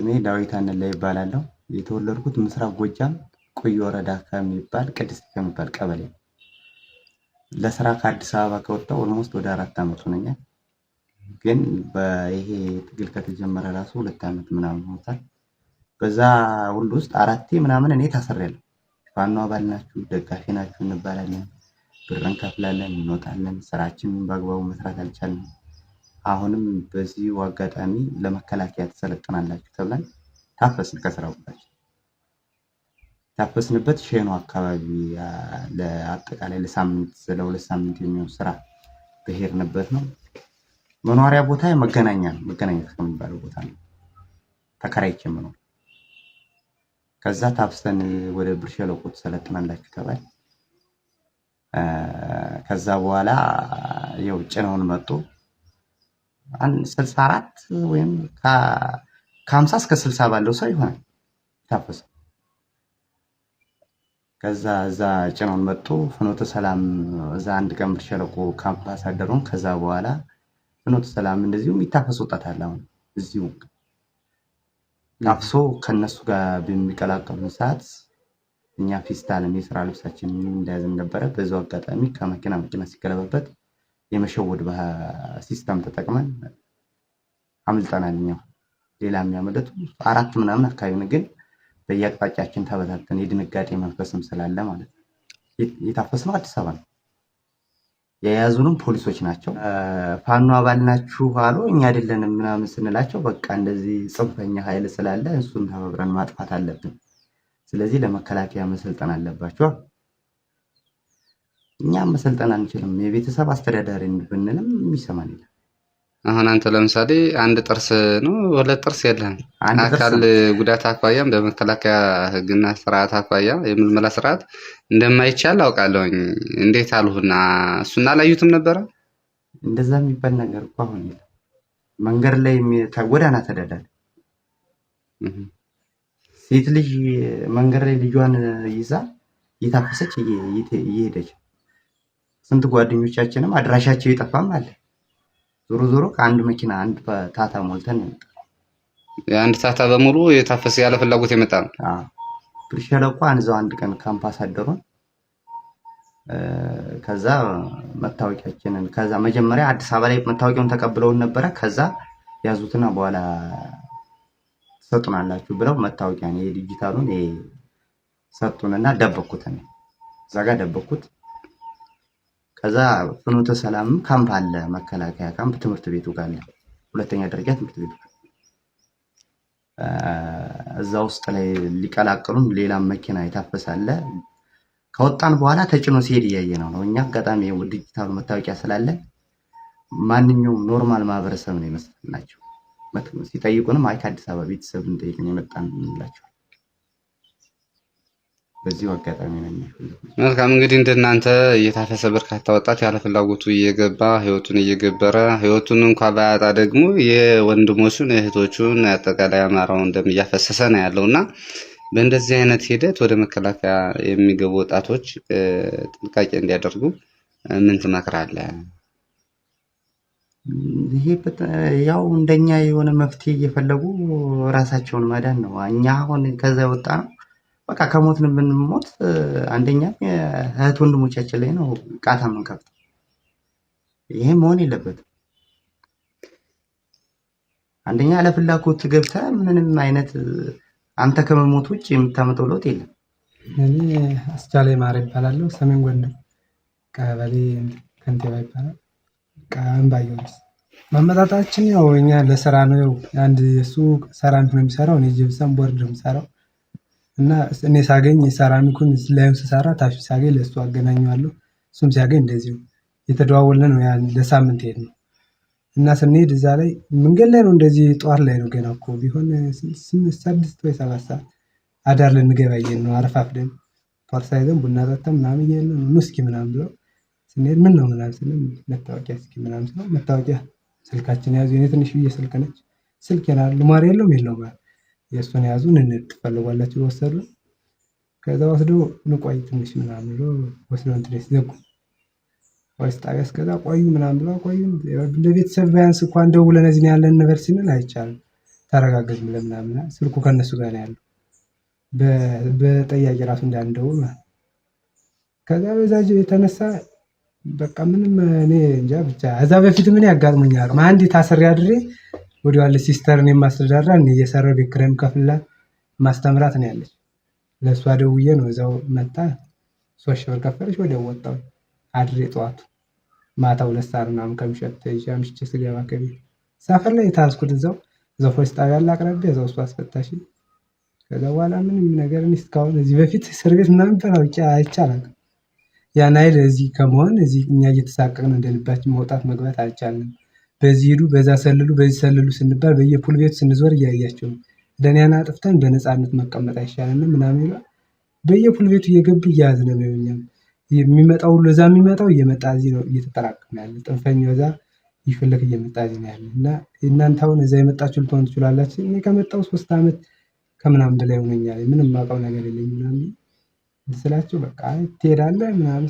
ስሜ ዳዊት አንላ ይባላለሁ። የተወለድኩት ምስራቅ ጎጃም ቆየ ወረዳ ከሚባል ቅድስት ከሚባል ቀበሌ ነው። ለስራ ከአዲስ አበባ ከወጣሁ ኦልሞስት ወደ አራት ዓመት ሆነኛል። ግን በይሄ ትግል ከተጀመረ ራሱ ሁለት ዓመት ምናምን ሆኖታል። በዛ ሁሉ ውስጥ አራቴ ምናምን እኔ ታስሬያለሁ። ፋኖ አባል ናችሁ፣ ደጋፊ ናችሁ እንባላለን፣ ብር እንከፍላለን፣ እንወጣለን። ስራችንን በአግባቡ መስራት አልቻልንም። አሁንም በዚሁ አጋጣሚ ለመከላከያ ትሰለጥናላችሁ ተብለን ታፈስን። ከስራ ታፈስንበት ሼኖ አካባቢ ለአጠቃላይ ለሳምንት ለሁለት ሳምንት የሚሆን ስራ ብሄርንበት ነው። መኖሪያ ቦታ መገናኛ ነው፣ መገናኛ ከሚባለው ቦታ ነው ተከራይቼ መኖር። ከዛ ታፍሰን ወደ ብር ሸለቆ ትሰለጥናላችሁ ተባል። ከዛ በኋላ ያው ጭነውን መጡ። ስልሳ አራት ወይም ከሀምሳ እስከ ስልሳ ባለው ሰው ይሆናል ታፈሰ። ከዛ እዛ ጭነውን መጡ ፍኖተ ሰላም እዛ አንድ ቀን ብር ሸለቆ ካምፕ ከዛ በኋላ ፍኖተ ሰላም እንደዚሁ የሚታፈስ ወጣት አለ። አሁን እዚሁ ናፍሶ ከነሱ ጋር በሚቀላቀሉ ሰዓት እኛ ፌስታልም የስራ ልብሳችን እንዳያዝን ነበረ። በዚሁ አጋጣሚ ከመኪና መኪና ሲገለበበት የመሸወድ ሲስተም ተጠቅመን አምልጠናል። እኛው ሌላ የሚያመለጡ አራት ምናምን አካባቢ ግን በየአቅጣጫችን ተበታተን የድንጋጤ መንፈስም ስላለ ማለት ነው። የታፈስነው አዲስ አበባ ነው። የያዙንም ፖሊሶች ናቸው። ፋኖ አባል ናችሁ አሉ። እኛ አይደለንም ምናምን ስንላቸው በቃ እንደዚህ ጽንፈኛ ኃይል ስላለ እሱን ተባብረን ማጥፋት አለብን። ስለዚህ ለመከላከያ መሰልጠን አለባቸው። እኛ መሰልጠን አንችልም። የቤተሰብ አስተዳዳሪ ብንልም የሚሰማን የለም። አሁን አንተ ለምሳሌ አንድ ጥርስ ነው ሁለት ጥርስ የለህም። አካል ጉዳት አኳያም በመከላከያ ሕግና ስርዓት አኳያ የምልመላ ስርዓት እንደማይቻል አውቃለሁኝ። እንዴት አልሁና እሱና አላዩትም ነበረ እንደዛ የሚባል ነገር እኮ አሁን የለም። መንገድ ላይ ጎዳና ተዳዳሪ ሴት ልጅ መንገድ ላይ ልጇን ይዛ እየታፈሰች እየሄደች ስንት ጓደኞቻችንም አድራሻቸው ይጠፋም አለ። ዞሮ ዞሮ ከአንድ መኪና አንድ ታታ ሞልተን ይመጣ የአንድ ታታ በሙሉ የታፈሰ ያለ ፍላጎት የመጣ ነው። ብር ሸለቆ አንዛው አንድ ቀን ካምፓስ ከዛ መታወቂያችንን ከዛ መጀመሪያ አዲስ አበባ ላይ መታወቂያውን ተቀብለውን ነበረ። ከዛ ያዙትና በኋላ ትሰጡናላችሁ ብለው መታወቂያ ዲጂታሉን ሰጡንና ደበኩትን እዛ ጋር ደበኩት። ከዛ ፍኖተ ሰላም ካምፕ አለ፣ መከላከያ ካምፕ ትምህርት ቤቱ ጋር ነው። ሁለተኛ ደረጃ ትምህርት ቤቱ ጋር እዛ ውስጥ ላይ ሊቀላቅሉን ሌላም መኪና የታፈሳለ። ከወጣን በኋላ ተጭኖ ሲሄድ እያየ ነው ነው። እኛ አጋጣሚ ዲጂታሉ መታወቂያ ስላለ ማንኛውም ኖርማል ማህበረሰብ ነው ይመስልናቸው። ሲጠይቁንም አይ ከአዲስ አበባ ቤተሰብ እንጠይቅ ነው የመጣን በዚሁ አጋጣሚ ነው መልካም እንግዲህ እንደናንተ እየታፈሰ በርካታ ወጣት ያለ ፍላጎቱ እየገባ ህይወቱን እየገበረ ህይወቱን እንኳ ባያጣ ደግሞ የወንድሞቹን እህቶቹን አጠቃላይ አማራውን ደም እያፈሰሰ ነው ያለው እና በእንደዚህ አይነት ሂደት ወደ መከላከያ የሚገቡ ወጣቶች ጥንቃቄ እንዲያደርጉ ምን ትመክራለህ? ይሄ ያው እንደኛ የሆነ መፍትሄ እየፈለጉ ራሳቸውን መዳን ነው። እኛ አሁን ከዛ የወጣ ነው በቃ ከሞትን ብንሞት አንደኛ እህት ወንድሞቻችን ላይ ነው ቃታ የምንከፍተው። ይሄ መሆን የለበትም። አንደኛ ለፍላጎት ገብተ ምንም አይነት አንተ ከመሞት ውጭ የምታመጠው ለውጥ የለም። እኔ አስቻለ ማር ይባላለሁ። ሰሜን ጎንደር ቀበሌ ከንቲባ ይባላል። ቀንባየ መመጣጣችን ያው እኛ ለስራ ነው። አንድ የሱ ሰራንት ነው የሚሰራው፣ እኔ ጅብሰን ቦርድ ነው የሚሰራው እና እኔ ሳገኝ ሰራሚኩን ላዩን ስሰራ ታች ሳገኝ ለእሱ አገናኘዋለሁ። እሱም ሲያገኝ እንደዚሁ የተደዋወልን ነው። ያ ለሳምንት ሄድ ነው እና ስንሄድ እዛ ላይ መንገድ ላይ ነው እንደዚህ ጠዋት ላይ ነው ገና እኮ ቢሆን ስድስት ወይ ሰባት ሰዓት አዳር ልንገባ እየሄድን ነው አረፋፍደን ፓርሳ ይዘን ቡና ጠጥተን ምናምን እየሄድን ነው። ኑ እስኪ ምናምን ብለው ስንሄድ ምን ነው ምናምን ስንል መታወቂያ እስኪ ምናምን ስለው መታወቂያ ስልካችን ያዙ። የኔ ትንሽ ብዬ ስልክ ነች ስልክ ልማር የለውም የለውም የእሱን የያዙን እንድ ትፈልጓላችሁ ወሰዱን። ከዛ ወስዶ ንቆይ ትንሽ ምናምን ብሎ ወስዶ እንትን ሲዘጉ ወይስ ጣቢያ እስከዛ ቆዩ ምናምን ብሎ ቆዩ። ለቤተሰብ ቢያንስ እንኳን ደውለን እዚህ ያለን ነገር ሲንል አይቻልም። ተረጋገዝም ለምናምና ስልኩ ከነሱ ጋር ነው ያለው በጠያቂ ራሱ እንዳንደውል ከዛ በዛ የተነሳ በቃ ምንም እኔ እንጃ ብቻ እዛ በፊት ምን ያጋጥሙኛል አንድ ታስሬ አድሬ ወደዋለ ሲስተርን የማስተዳድራ እኔ እየሰራ ቤት ኪራይ የምከፍልላት ማስተምራት ነው ያለች። ለእሷ ደውዬ ነው እዛው መጣ ሶስት ሺህ ብር ከፈለች ወዲያው ወጣሁ። አድሬ ጠዋቱ ማታ ሁለት ሰዓት ምናምን ከምሸት ተይዤ አምሽቼ ስገባ ከቢ ሰፈር ላይ የታስኩት እዛው እዛው ፖሊስ ጣቢያ ያለ አቅራቢያ እዛው እሱ አስፈታሽ። ከዛ በኋላ ምንም ነገር እኔ እስካሁን እዚህ በፊት እስር ቤት ምናምን ተራውጭ አይቻልም። ያን አይል እዚህ ከመሆን እዚህ እኛ እየተሳቀቅን እንደልባችን መውጣት መግባት አልቻለም። በዚህ ሂዱ፣ በዛ ሰልሉ፣ በዚህ ሰልሉ ስንባል በየፑል ቤቱ ስንዞር እያያቸው ነው። ደህና አጥፍተን በነፃነት መቀመጥ አይሻልም ምናምን ይላል። በየፑል ቤቱ እየገቡ እያያዝን ነው ይሆኛል። የሚመጣው ሁሉ እዛ የሚመጣው እየመጣ እዚህ ነው እየተጠራቀመ ያለ ጥንፈኛው እዛ ይፈለግ እየመጣ እዚህ ነው ያለ እና እናንተ አሁን እዛ የመጣችሁ ልትሆን ትችላላችሁ። እኔ ከመጣው ሶስት ዓመት ከምናምን በላይ ሆነኛል። ምንም የማውቀው ነገር የለኝ ምናምን ስላቸው በቃ ትሄዳለህ ምናምን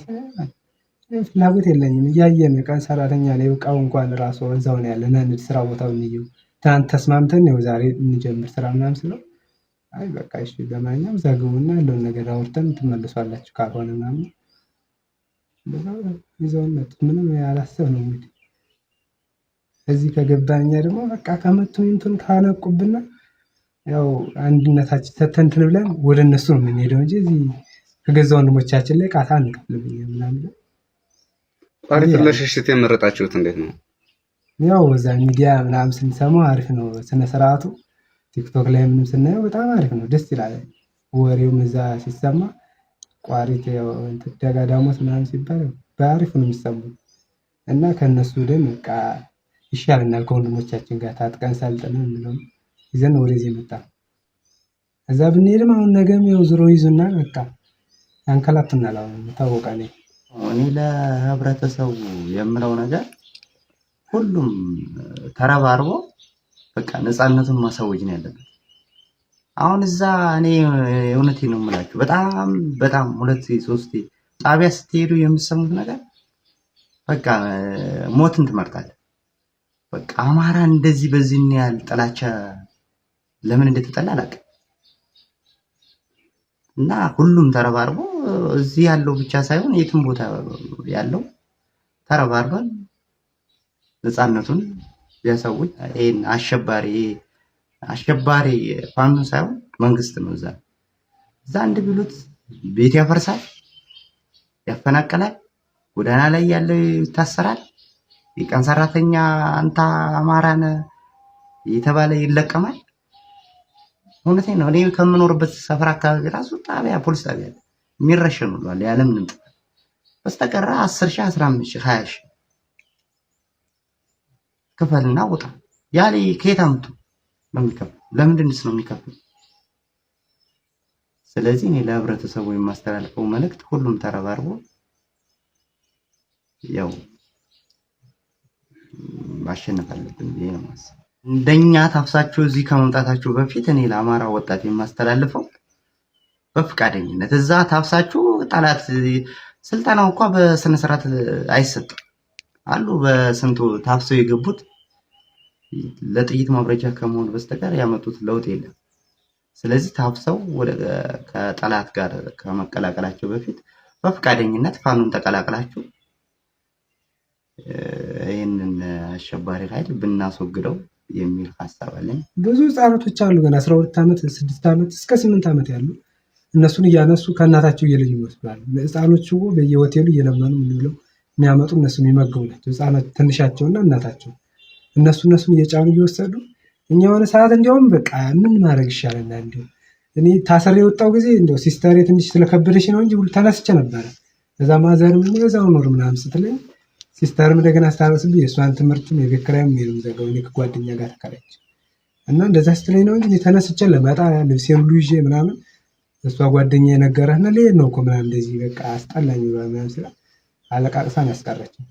ፍላጎት የለኝም። እያየን ቀን ሰራተኛ ላይ እቃው እንኳን ራሱ እዛው ነው ያለ ነንድ ስራ ቦታው እንየው ትናንት ተስማምተን ነው ዛሬ እንጀምር ስራ ምናምን ስለው አይ በቃ እሺ ለማንኛውም እዛ ግቡና ያለውን ነገር አውርተን ትመልሷላችሁ ካልሆነ ምናምን ይዘውነት ምንም ያላሰብ ነው እንግዲህ እዚህ ከገባኛ ደግሞ በቃ ከመቶ እንትን ካነቁብና ያው አንድነታችን ተተንትን ብለን ወደ እነሱ ነው የምንሄደው እንጂ እዚህ ከገዛ ወንድሞቻችን ላይ ቃታ አንቀብልብኛ ምናምን አሪፍ ለሽሽት የመረጣችሁት እንዴት ነው? ያው እዛ ሚዲያ ምናምን ስንሰማው አሪፍ ነው ስነ ስርዓቱ። ቲክቶክ ላይ ምንም ስናየው በጣም አሪፍ ነው፣ ደስ ይላል። ወሬውም እዛ ሲሰማ ቋሪት ደጋ ዳሞት ምናምን ሲባል በአሪፍ ነው የሚሰሙት እና ከእነሱ ደን በቃ ይሻለናል። ከወንድሞቻችን ጋር ታጥቀን ሰልጥነን ምንም ይዘን ወደዚህ የመጣ እዛ ብንሄድም አሁን ነገም ያው ዝሮ ይዙናል። በቃ ያንከላትናል። አሁን የታወቀ ነው እኔ ለህብረተሰቡ የምለው ነገር ሁሉም ተረባርቦ በቃ ነፃነቱን ማሳወጅ ነው ያለበት። አሁን እዛ እኔ እውነቴ ነው የምላችሁ፣ በጣም በጣም ሁለት ሶስት ጣቢያ ስትሄዱ የምትሰሙት ነገር በቃ ሞትን ትመርጣለህ። በቃ አማራ እንደዚህ በዚህ ያህል ጥላቻ ለምን እንደተጠላ አላውቅም። እና ሁሉም ተረባርቦ እዚህ ያለው ብቻ ሳይሆን የትም ቦታ ያለው ተረባርበን ነፃነቱን ቢያሳውቅ ይህን አሸባሪ አሸባሪ ፋኖ ሳይሆን መንግስት ነው። እዛ እዛ አንድ ቢሉት ቤት ያፈርሳል፣ ያፈናቅላል፣ ጎዳና ላይ ያለው ይታሰራል፣ የቀን ሰራተኛ አንተ አማራነ የተባለ ይለቀማል። እውነቴ ነው። እኔ ከምኖርበት ሰፈር አካባቢ ራሱ ጣቢያ ፖሊስ ጣቢያ የሚረሸኑ ብሏል ያለምንም ጥፋት በስተቀር አስር ሺ አስራ አምስት ሀያ ሺ ክፈልና ውጣ ያሌ ከየት አምጡ ነው ለምንድንስ ነው የሚከፍል? ስለዚህ እኔ ለህብረተሰቡ የማስተላልፈው መልእክት ሁሉም ተረባርቦ ያው ማሸነፍ አለብን ብዬ ነው ማሰብ። እንደኛ ታፍሳችሁ እዚህ ከመምጣታችሁ በፊት እኔ ለአማራ ወጣት የማስተላልፈው በፈቃደኝነት እዛ ታፍሳችሁ ጠላት ስልጠናው እንኳ በስነ ስርዓት አይሰጥም አሉ። በስንቱ ታፍሰው የገቡት ለጥይት ማብረጃ ከመሆን በስተቀር ያመጡት ለውጥ የለም። ስለዚህ ታፍሰው ከጠላት ጋር ከመቀላቀላቸው በፊት በፈቃደኝነት ፋኑን ተቀላቅላችሁ ይህንን አሸባሪ ኃይል ብናስወግደው የሚል ሀሳብ አለኝ። ብዙ ህጻናቶች አሉ ግን አስራ ሁለት ዓመት ስድስት ዓመት እስከ ስምንት ዓመት ያሉ እነሱን እያነሱ ከእናታቸው እየለዩ ይወስዳሉ። ህፃኖች በየሆቴሉ እየለመኑ የሚውለው የሚያመጡ እነሱ የሚመግቡ ናቸው። ህጻናት ትንሻቸውና እናታቸው እነሱ እነሱን እየጫኑ እየወሰዱ እኛ የሆነ ሰዓት እንዲያውም በቃ ምን ማድረግ ይሻለና እንዲሁ እኔ ታሰር የወጣው ጊዜ እንዲያው ሲስተር ትንሽ ስለከበደች ነው እንጂ ተነስቼ ነበረ እዛ ምን እዛው ኖር ምናምን ስትለኝ ሲስተርም እንደገና ስታበስብኝ የእሷን ትምህርትም የቤት ኪራይም ሜሉም ዘጋው። እኔ ከጓደኛ ጋር ተከራይቼ እና እንደዛ ስትለኝ ነው እንጂ ተነስቼ ለመጣ ልብሴን ሁሉ ይዤ ምናምን እሷ ጓደኛ የነገረህ ነው ልሄድ ነው እኮ ምናምን እንደዚህ በቃ አስጠላኝ ምናምን ስላ አለቃቅሳን ያስቀረችኝ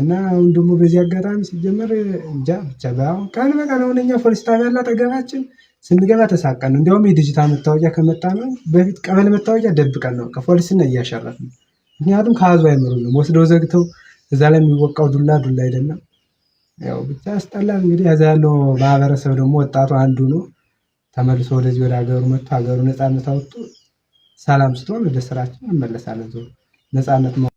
እና አሁን ደግሞ በዚህ አጋጣሚ ሲጀመር እንጃ ብቻ በአሁን ቀን በቀን አሁን እኛ ፖሊስ ጣቢያ አጠገባችን ስንገባ ተሳቀን እንዲያውም የዲጂታል መታወቂያ ከመጣ ነው በፊት ቀበሌ መታወቂያ ደብቀን ነው ከፖሊስና እያሸረፍን ምክንያቱም ከአዙ አይምሩ ነው ወስደው ዘግተው እዛ ላይ የሚወቃው ዱላ ዱላ አይደለም። ያው ብቻ ያስጠላል። እንግዲህ ከዛ ያለው ማህበረሰብ ደግሞ ወጣቱ አንዱ ነው። ተመልሶ ወደዚህ ወደ ሀገሩ መጥቶ ሀገሩ ነፃነት አውጥቶ ሰላም ስትሆን ወደ ስራችን እንመለሳለን። ነፃነት